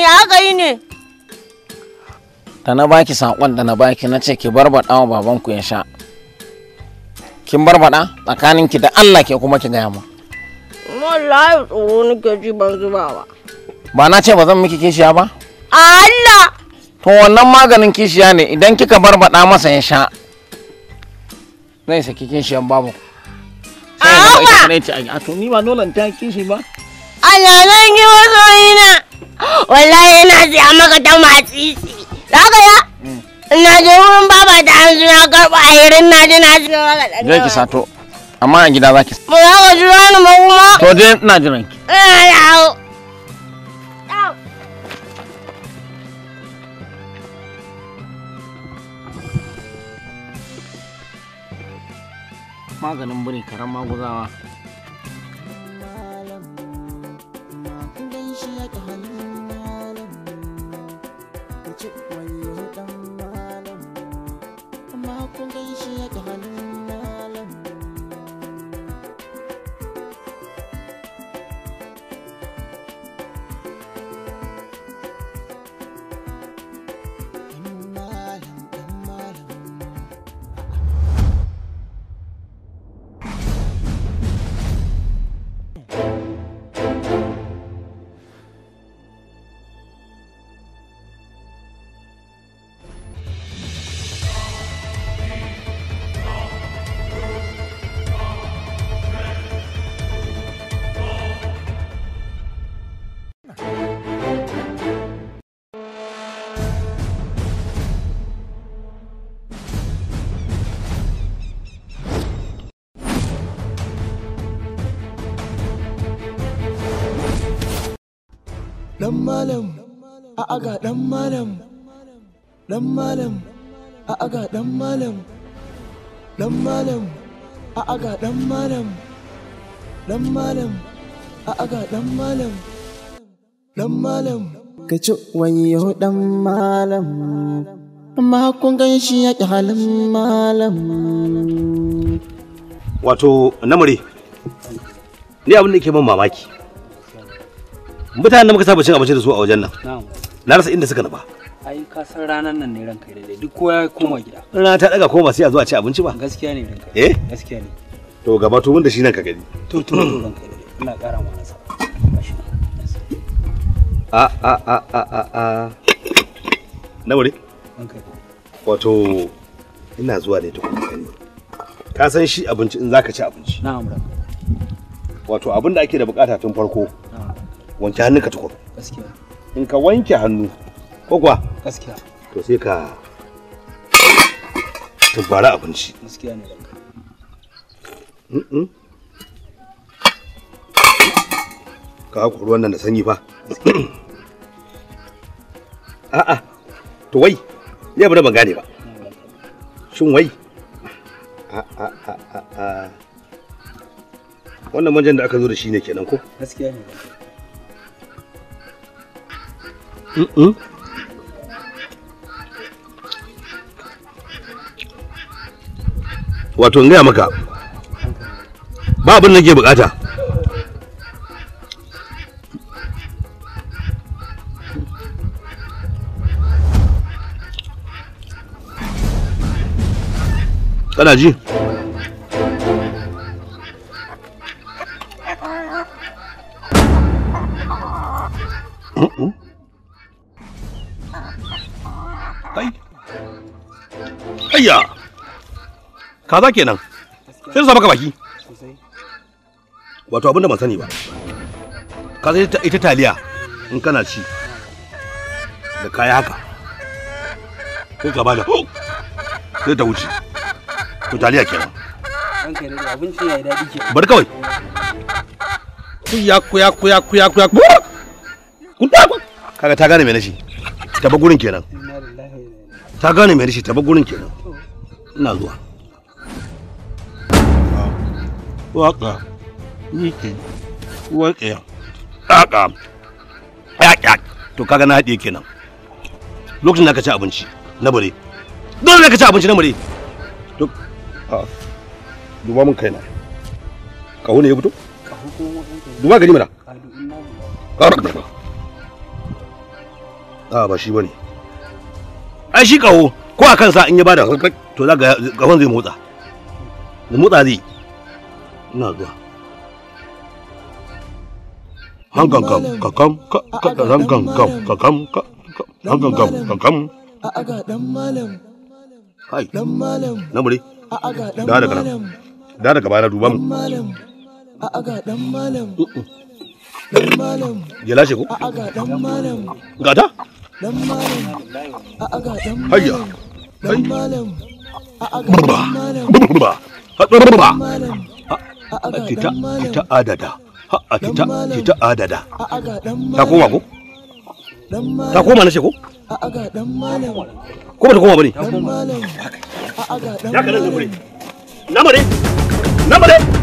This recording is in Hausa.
Me aka yi ne? Da na baki saƙon da na baki na ce ki barbaɗa wa babanku ya sha. Kin barbaɗa tsakaninki da Allah ke kuma ki gaya mu. Wallahi tsoro nake ji ban zuba ba. Ba na ce ba zan miki kishiya ba? Allah! To wannan maganin kishiya ne idan kika barbaɗa masa ya sha. Zai saki kishiyan babu. Sai ya zama ita kadai ce a to ni ba dole in ta kishi ba. Allah zan yi wasu ina. wallahi ina siya maka ta matsi. za ka ya hmm. ina je wurin baba ta an zo karɓa a hirin na ji na siya maka zai ki sato amma a gida za ki ba za ka ji ni ba kuma to dai ina ji ranki. ina hau. maganin bane karan maguzawa dan malam a aga dan malam dan malam a aga dan malam dan malam a aga dan malam dan malam a aga dan malam dan malam ka ci yau dan malam amma kun gan shi ya ki halin malam wato namare ni abin da ke ban mamaki mutanen da muka saba cin abinci da su a wajen nan na rasa inda suka nufa ai ka san ranar nan ne ranka daidai duk kowa ya koma gida rana ta daga koma sai a zo a ci abinci ba gaskiya ne ranka eh gaskiya ne to gaba to mun da shi nan ka gani to to ranka daidai ina kara ma nasa a a a a a a na wuri wato ina zuwa ne tukun ne. ka san shi abinci in zaka ci abinci na'am ranka wato abin da ake da bukata tun farko wanke hannunka tukur gaskiya in ka wanke hannu ko kuwa gaskiya to sai ka tubbara abinci gaskiya ne ka haku ruwan nan da sanyi fa a'a to wai ne ba ban gane ba shin wai wannan manjan da aka zo da shi ne kenan ko gaskiya ne wato -uh. wato gaya maka ba abin da ke bukata kana ji Uh -uh. ayya kaza kenan sai sa maka baki wato abinda ban sani ba ka sai ita taliya in kana ci da kaya haka sai ka bada sai ta wuce to taliya kenan bar kawai kuya kuya kuya kuya kuya kuya kaga ta gane me ta ba gurin kenan ta gane me nashi ta ba gurin kenan ina zuwa waka yake waka ƙaƙa ƙaƙa to kaga na haɗe kenan lokacin da ka ci abinci na bare dole da ka ci abinci na bare to duba mun kaina ƙaho ne ya fito duba gani mana a ba shi bane ai shi ƙaho ko a kansa in ya bada to za ga zai motsa da motsa zai ina zuwa hankan kam kakam kakam kakam kakam a dan malam hai dan malam na mure da daga nan da daga bana duba mu malam a dan malam mm, mm. dan malam ya lashe a dan malam gata dan malam a dan malam hayya dan malam fita fita adada a fita fita adada ta koma ko ta koma na ko ko ba ta koma bane ya ka nan na mare na mare